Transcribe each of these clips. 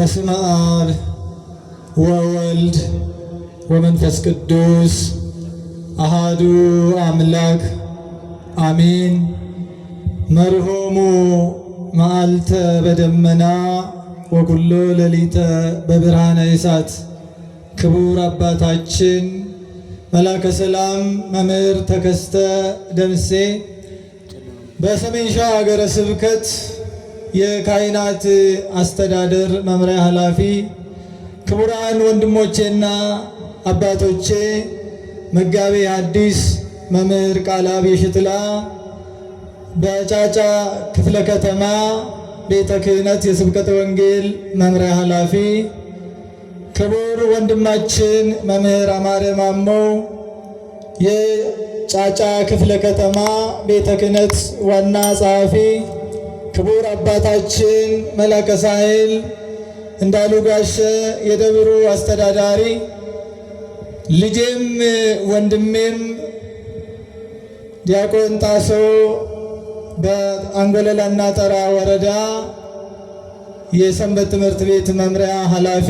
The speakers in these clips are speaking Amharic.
በስመ አብ ወወልድ ወመንፈስ ቅዱስ አሃዱ አምላክ አሚን መርሆሙ መዓልተ በደመና ወኩሎ ሌሊተ በብርሃነ እሳት ክቡር አባታችን መላከ ሰላም መምህር ተከስተ ደምሴ በሰሜን ሸዋ ሀገረ ስብከት የካህናት አስተዳደር መምሪያ ኃላፊ፣ ክቡራን ወንድሞቼና አባቶቼ፣ መጋቤ ሐዲስ መምህር ቃላብ የሽትላ በጫጫ ክፍለ ከተማ ቤተ ክህነት የስብከተ ወንጌል መምሪያ ኃላፊ፣ ክቡር ወንድማችን መምህር አማረ ማሞ የጫጫ ክፍለ ከተማ ቤተ ክህነት ዋና ጸሐፊ ክቡር አባታችን መላከ ሳህል እንዳሉ ጋሸ የደብሩ አስተዳዳሪ፣ ልጄም ወንድሜም ዲያቆን ጣሶ በአንጎለላና ጠራ ወረዳ የሰንበት ትምህርት ቤት መምሪያ ኃላፊ፣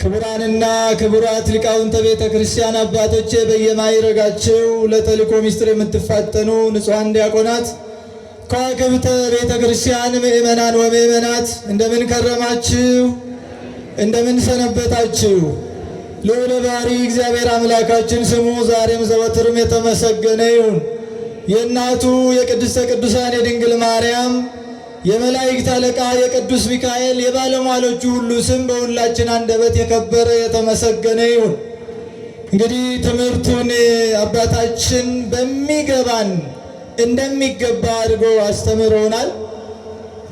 ክቡራንና ክቡራት ሊቃውንተ ቤተ ክርስቲያን አባቶቼ፣ በየማይረጋቸው ለተልእኮ ምስጢር የምትፋጠኑ ንጹሐን ዲያቆናት ከግብተ ቤተ ክርስቲያን ምእመናን ወምእመናት እንደምን ከረማችሁ? እንደምን ሰነበታችሁ? ልዑለ ባሕርይ እግዚአብሔር አምላካችን ስሙ ዛሬም ዘወትርም የተመሰገነ ይሁን። የእናቱ የቅድስተ ቅዱሳን የድንግል ማርያም የመላእክት አለቃ የቅዱስ ሚካኤል የባለሟሎቹ ሁሉ ስም በሁላችን አንደበት የከበረ የተመሰገነ ይሁን። እንግዲህ ትምህርቱን አባታችን በሚገባን እንደሚገባ አድርጎ አስተምሮናል።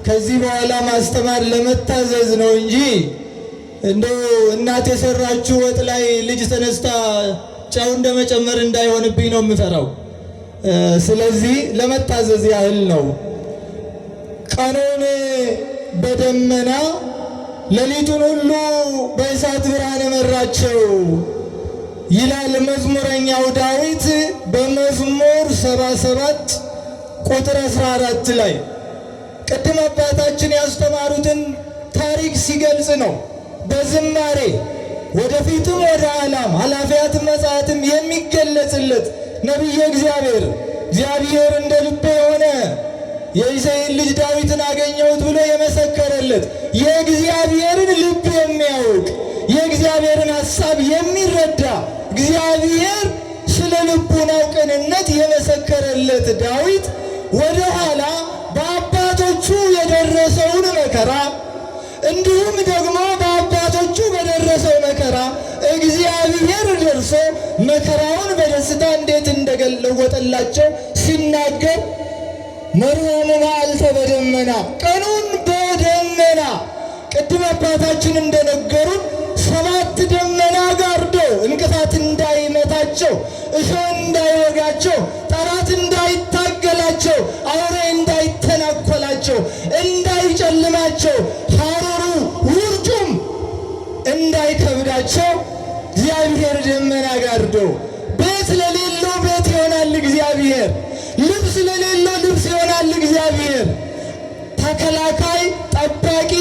ከዚህ በኋላ ማስተማር ለመታዘዝ ነው እንጂ እንደው እናት የሰራችው ወጥ ላይ ልጅ ተነስታ ጨው እንደመጨመር እንዳይሆንብኝ ነው የምፈራው። ስለዚህ ለመታዘዝ ያህል ነው። ቀኑን በደመና ሌሊቱን ሁሉ በእሳት ብርሃን መራቸው ይላል መዝሙረኛው ዳዊት በመዝሙር 77 ቁጥር 14 ላይ ቅድም አባታችን ያስተማሩትን ታሪክ ሲገልጽ ነው። በዝማሬ ወደፊትም ወደ ዓላም ኃላፊያትም መጽሐትም የሚገለጽለት ነቢየ እግዚአብሔር እግዚአብሔር እንደ ልቤ የሆነ የእሴይን ልጅ ዳዊትን አገኘሁት ብሎ የመሰከረለት የእግዚአብሔርን ልብ የሚያውቅ የእግዚአብሔርን ሐሳብ የሚረዳ እግዚአብሔር ስለ ልቡናው ቅንነት የመሰከረለት ዳዊት ወደ ኋላ በአባቶቹ የደረሰውን መከራ እንዲሁም ደግሞ በአባቶቹ በደረሰው መከራ እግዚአብሔር ደርሶ መከራውን በደስታ እንዴት እንደገለወጠላቸው ሲናገር መርሆኑ መዓልተ በደመና ቀኑን በደመና ቅድም አባታችን እንደነገሩን ሰባት ደመና ጋርዶ እንቅፋት እንዳይመታቸው፣ እሾህ እንዳይወጋቸው፣ ጠራት እንዳይታገላቸው፣ አውሬ እንዳይተናኮላቸው፣ እንዳይጨልማቸው፣ ሐሩሩ ውርጩም እንዳይከብዳቸው እግዚአብሔር ደመና ጋርዶ ቤት ለሌለው ቤት ይሆናል እግዚአብሔር። ልብስ ለሌለው ልብስ ይሆናል እግዚአብሔር። ተከላካይ፣ ጠባቂ፣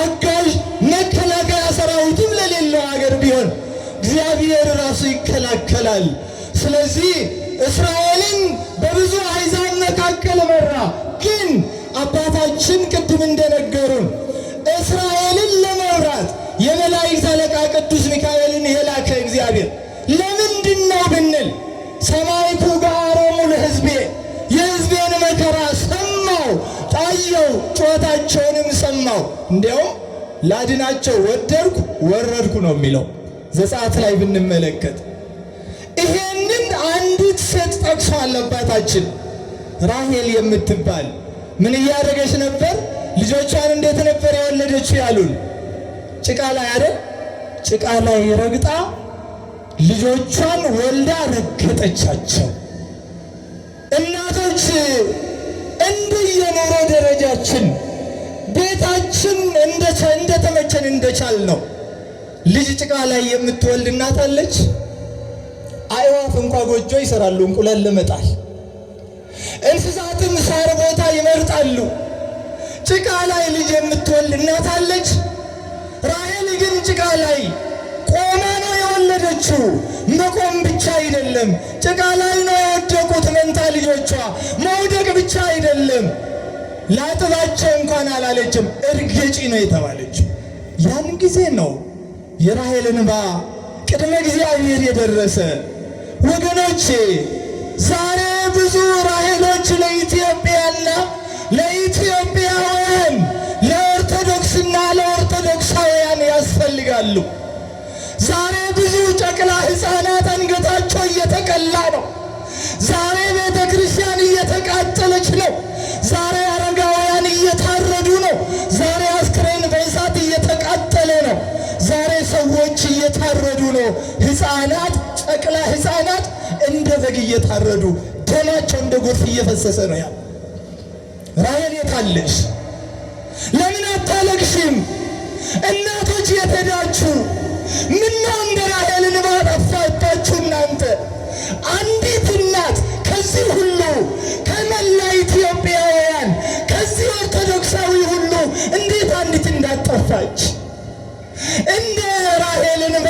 አጋዥ፣ መከላከያ ሰራዊትም ለሌለው ሀገር ቢሆን እግዚአብሔር ራሱ ይከላከላል። ስለዚህ እስራኤልን በብዙ አሕዛብ መካከል መራ። ግን አባታችን ቅድም እንደነገሩን እስራኤልን ለመውራት የመላእክት አለቃ ቅዱስ ሚካኤልን የላከ እግዚአብሔር ለምንድን ነው ብንል ሰማይቱ አየው፣ ጩኸታቸውንም ሰማው። እንዲያውም ላድናቸው ወደድኩ ወረድኩ ነው የሚለው ዘጸአት ላይ ብንመለከት ይሄንን አንዲት ሴት ጠቅሶ አለባታችን ራሄል የምትባል ምን እያደረገች ነበር? ልጆቿን እንዴት ነበር የወለደችው ያሉን? ጭቃ ላይ አይደል? ጭቃ ላይ ረግጣ ልጆቿን ወልዳ ረገጠቻቸው። እናቶች ወዳጃችን ቤታችን እንደተመቸን እንደቻል ነው። ልጅ ጭቃ ላይ የምትወልድ እናት አለች። አእዋፍ እንኳ ጎጆ ይሰራሉ እንቁላል ለመጣል። እንስሳትም ሳር ቦታ ይመርጣሉ። ጭቃ ላይ ልጅ የምትወልድ እናት አለች። ራሔል ግን ጭቃ ላይ ቆማ ነው የወለደችው። መቆም ብቻ አይደለም፣ ጭቃ ላይ ነው የወደቁት መንታ ልጆቿ። መውደቅ ብቻ አይደለም ላጥባቸው እንኳን አላለችም፣ እርግጪ ነው የተባለችው። ያን ጊዜ ነው የራሔል እንባ ቅድመ እግዚአብሔር የደረሰ። ወገኖቼ ዛሬ ብዙ ራሔሎች ለኢትዮጵያና ለኢትዮጵያውያን ለኦርቶዶክስና ለኦርቶዶክሳውያን ያስፈልጋሉ። ዛሬ ብዙ ጨቅላ ሕፃናት አንገታቸው እየተቀላ ነው። ዛሬ ቤተ ክርስቲያን እየተቃጠለች ነው። ዛሬ ዛሬ አስክሬን በእሳት እየተቃጠለ ነው። ዛሬ ሰዎች እየታረዱ ነው። ሕፃናት፣ ጨቅላ ሕፃናት እንደ በግ እየታረዱ ደማቸው እንደ ጎርፍ እየፈሰሰ ነው። ያ ራሔል የታለሽ? ለምን አታለቅሽም? እናቶች የተዳችሁ ምና እንደ ራሔል እንባ ጠፋችሁ እናንተ? አንዲት እናት ከዚህ ሁሉ ከመላ ኢትዮጵያ ጠፋች። እንደ ራሔል እንባ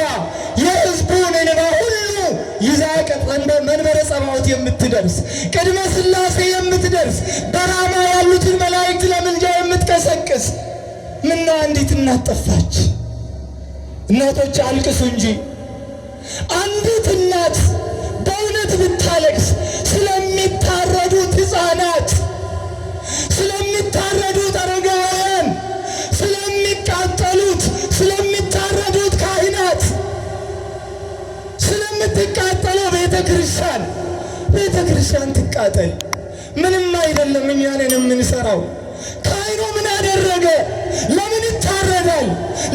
የሕዝቡን እንባ ሁሉ ይዛ መንበረ ጸባዖት የምትደርስ ቅድመ ሥላሴ የምትደርስ በራማ ያሉትን መላእክት ለምልጃ የምትቀሰቅስ ምና አንዲት እናት ጠፋች። እናቶች አልቅሱ እንጂ አንዲት እናት በእውነት ብታለቅስ ስለሚታረዱት ሕፃናት ስለሚታረዱ ክርስቲያን ቤተ ክርስቲያን ትቃጠል። ምንም አይደለም። ነን የምንሰራው ካይሮ ምን አደረገ? ለምን ይታረዳል?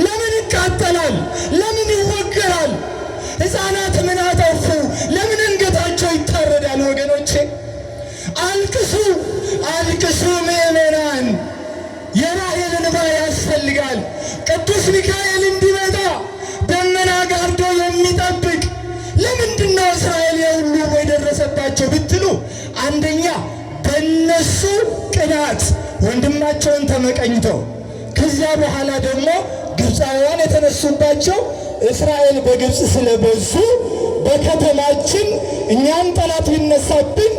ለምን ይቃጠላል? ለምን ይወገራል? ሕፃናት ምን አጠፉ? ለምን አንገታቸው ይታረዳል? ወገኖቼ አልቅሱ፣ አልቅሱ አልቅሱ ምእመናን የራሄል እንባ ያስፈልጋል። ቅዱስ ሚካኤል እንዲመጣ ደመና ጋርዶ የሚጠብቅ ለምንድነው እስራኤል ናቸው ብትሉ አንደኛ በነሱ ቅናት ወንድማቸውን ተመቀኝተው ከዚያ በኋላ ደግሞ ግብፃውያን የተነሱባቸው እስራኤል በግብፅ ስለበዙ በከተማችን እኛን ጠላት ቢነሳብን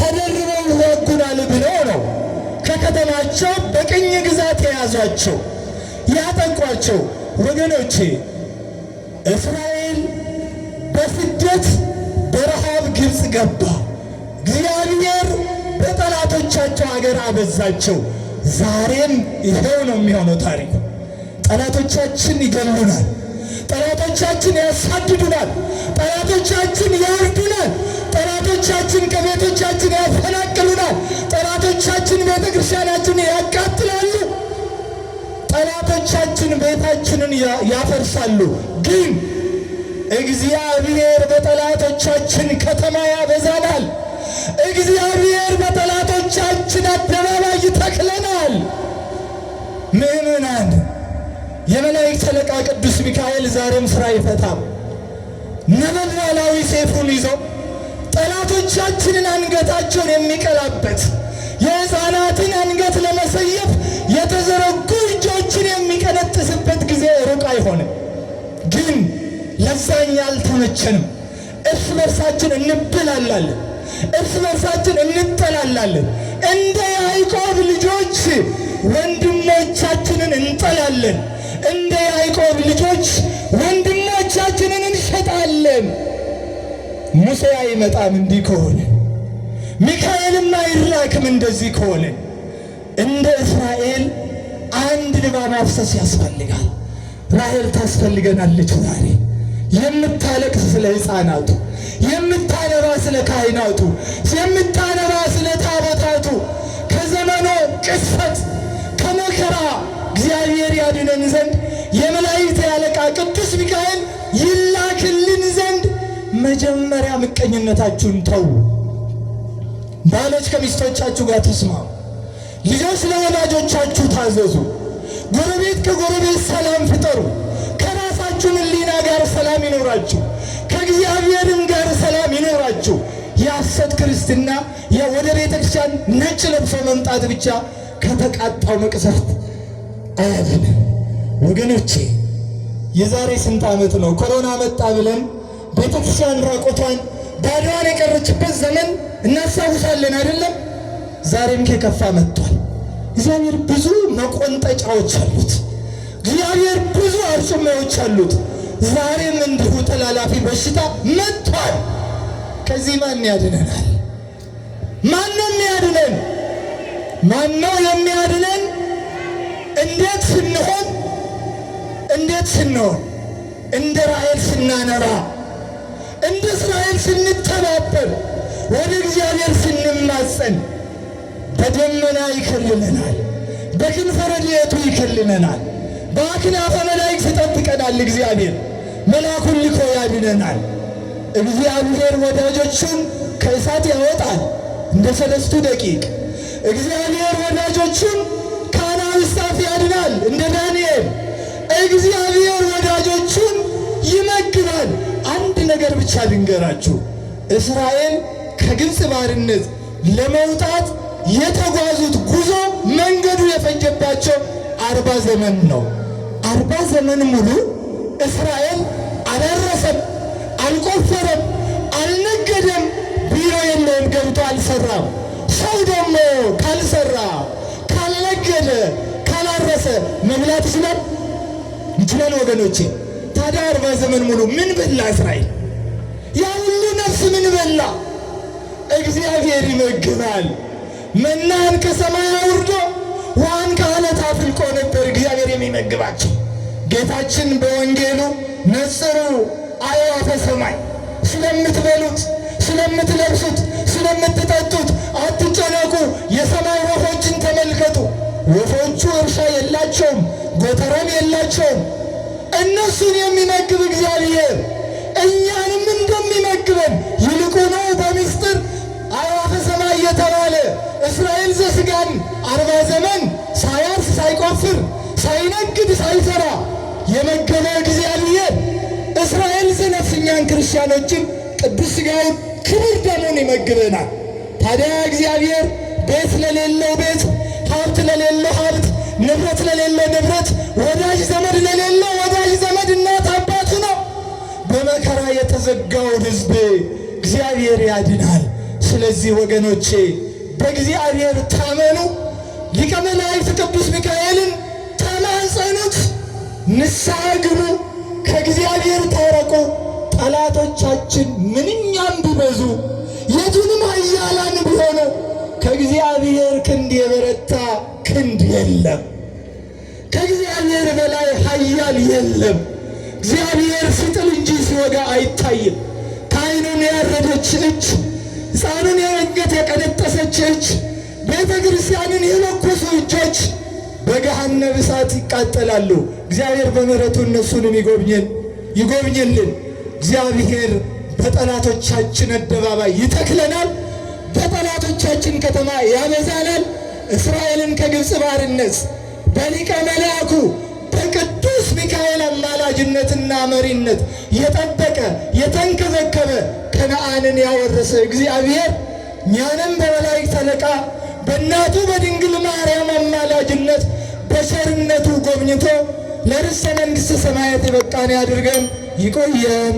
ተደርበው ይዋጉናል ብለው ነው ከከተማቸው በቅኝ ግዛት የያዟቸው ያጠቋቸው። ወገኖቼ እስራኤል በስደት ግብፅ ገባ። እግዚአብሔር በጠላቶቻቸው አገር አበዛቸው። ዛሬም ይሄው ነው የሚሆነው ታሪኩ። ጠላቶቻችን ይገሉናል። ጠላቶቻችን ያሳድዱናል። ጠላቶቻችን ያርዱናል። ጠላቶቻችን ከቤቶቻችን ያፈናቅሉናል። ጠላቶቻችን ቤተ ክርስቲያናችን ያቃጥላሉ። ጠላቶቻችን ቤታችንን ያፈርሳሉ ግን እግዚአብሔር በጠላቶቻችን ከተማ ያበዛናል። እግዚአብሔር በጠላቶቻችን አደባባይ ይተክለናል። ምእመናን፣ የመላእክት አለቃ ቅዱስ ሚካኤል ዛሬም ሥራ ይፈታ ነበልባላዊ ሴፉን ይዞ ጠላቶቻችንን አንገታቸውን የሚቀላበት የሕፃናትን አንገት ለመሰየፍ የተዘረጉ እጆችን የሚቀነጥስበት ጊዜ ሩቅ አይሆንም ግን ለዛኛ አልተመቸንም። እርስ በርሳችን እንብላላለን፣ እርስ በርሳችን እንጠላላለን። እንደ ያዕቆብ ልጆች ወንድሞቻችንን እንጠላለን። እንደ ያዕቆብ ልጆች ወንድሞቻችንን እንሸጣለን። ሙሴ አይመጣም እንዲህ ከሆነ፣ ሚካኤልም አይላክም እንደዚህ ከሆነ። እንደ እስራኤል አንድ ልባ ማፍሰስ ያስፈልጋል። ራሔል ታስፈልገናለች ዛሬ የምታለቅስ ስለ ሕፃናቱ፣ የምታነባ ስለ ካህናቱ፣ የምታነባ ስለ ታቦታቱ ከዘመኑ ቅስፈት ከመከራ እግዚአብሔር ያድነን ዘንድ የመላእክት አለቃ ቅዱስ ሚካኤል ይላክልን ዘንድ መጀመሪያ ምቀኝነታችሁን ተዉ። ባሎች ከሚስቶቻችሁ ጋር ተስማሙ። ልጆች ለወላጆቻችሁ ታዘዙ። ጎረቤት ከጎረቤት ሰላም ፍጠሩ። ከራሳችን ሕሊና ጋር ሰላም ይኖራችሁ፣ ከእግዚአብሔርም ጋር ሰላም ይኖራችሁ። የሐሰት ክርስትና ወደ ቤተክርስቲያን ነጭ ለብሶ መምጣት ብቻ ከተቃጣው መቅሰፍት አያለን። ወገኖቼ የዛሬ ስንት ዓመት ነው ኮሮና መጣ ብለን ቤተክርስቲያን ራቆቷን ባዶዋን የቀረችበት ዘመን እናስታውሳለን አይደለም? ዛሬም ከከፋ መጥቷል። እግዚአብሔር ብዙ መቆንጠጫዎች አሉት። እግዚአብሔር ብዙ አርጩማዎች አሉት። ዛሬም እንዲሁ ተላላፊ በሽታ መጥቷል። ከዚህ ማን ያድነናል? ማን ነው የሚያድነን? ማን ነው የሚያድነን? እንዴት ስንሆን እንዴት ስንሆን እንደ ራሔል ስናነባ፣ እንደ እስራኤል ስንተባበር፣ ወደ እግዚአብሔር ስንማጸን በደመና ይከልለናል፣ በክንፈ ረድኤቱ ይከልለናል። በአክናፈ መላእክት ይጠብቀናል። እግዚአብሔር መልአኩን ልኮ ያድነናል። እግዚአብሔር ወዳጆቹን ከእሳት ያወጣል እንደ ሰለስቱ ደቂቅ። እግዚአብሔር ወዳጆቹን ከአናብስት አፍ ያድናል እንደ ዳንኤል። እግዚአብሔር ወዳጆቹን ይመግባል። አንድ ነገር ብቻ ልንገራችሁ፣ እስራኤል ከግብፅ ባርነት ለመውጣት የተጓዙት ጉዞ መንገዱ የፈጀባቸው አርባ ዘመን ነው። አርባ ዘመን ሙሉ እስራኤል አላረሰም፣ አልቆፈረም፣ አልነገደም፣ ቢሮ የለውም፣ ገብቶ አልሰራም። ሰው ደግሞ ካልሰራ፣ ካልነገደ፣ ካላረሰ መብላት ይችላል ይችላል? ወገኖቼ ታዲያ አርባ ዘመን ሙሉ ምን በላ እስራኤል? ያ ሁሉ ነፍስ ምን በላ? እግዚአብሔር ይመግባል። መናን ከሰማ ያመግባችሁ። ጌታችን በወንጌሉ ነጽሩ አዕዋፈ ሰማይ፣ ስለምትበሉት፣ ስለምትለብሱት፣ ስለምትጠጡት አትጨነቁ። የሰማይ ወፎችን ተመልከቱ። ወፎቹ እርሻ የላቸውም፣ ጎተራም የላቸውም። እነሱን የሚመግብ እግዚአብሔር እኛንም እንደሚመግበን ነው በምስጢር ሳይነግድ ሳይሰራ የመገበው እግዚአብሔር እስራኤል ዘነፍስ እኛን ክርስቲያኖችን ቅዱስ ሥጋውን ክብር ደሙን ይመግበናል። ታዲያ እግዚአብሔር ቤት ለሌለው ቤት፣ ሀብት ለሌለው ሀብት፣ ንብረት ለሌለው ንብረት፣ ወዳጅ ዘመድ ለሌለው ወዳጅ ዘመድ፣ እናት አባቱ ነው። በመከራ የተዘጋውን ሕዝብ እግዚአብሔር ያድናል። ስለዚህ ወገኖቼ በእግዚአብሔር ታመኑ። ሊቀ መላእክት ቅዱስ ሚካኤልን ህፃናት ንስሐ ግቡ፣ ከእግዚአብሔር ታረቁ። ጠላቶቻችን ምንኛም ቢበዙ የቱንም ኃያላን ቢሆኑ ከእግዚአብሔር ክንድ የበረታ ክንድ የለም። ከእግዚአብሔር በላይ ኃያል የለም። እግዚአብሔር ፍጥል እንጂ ሲወጋ አይታይም። ካህኑን ያረደች እጅ፣ ሕፃኑን የረገት የቀነጠሰች እጅ፣ ቤተ ክርስቲያንን የለኮሱ እጆች በገሃነመ እሳት ይቃጠላሉ። እግዚአብሔር በምሕረቱ እነሱንም ይጎብኘን ይጎብኝልን። እግዚአብሔር በጠላቶቻችን አደባባይ ይተክለናል፣ በጠላቶቻችን ከተማ ያበዛናል። እስራኤልን ከግብፅ ባርነት በሊቀ መልአኩ በቅዱስ ሚካኤል አማላጅነትና መሪነት የጠበቀ የተንከበከበ ከነአንን ያወረሰ እግዚአብሔር እኛንም በመላእክት አለቃ በእናቱ በድንግል ማርያም አማላጅነት በቸርነቱ ጎብኝቶ ለርሰ መንግሥተ ሰማያት የበቃን ያድርገን። ይቆየን።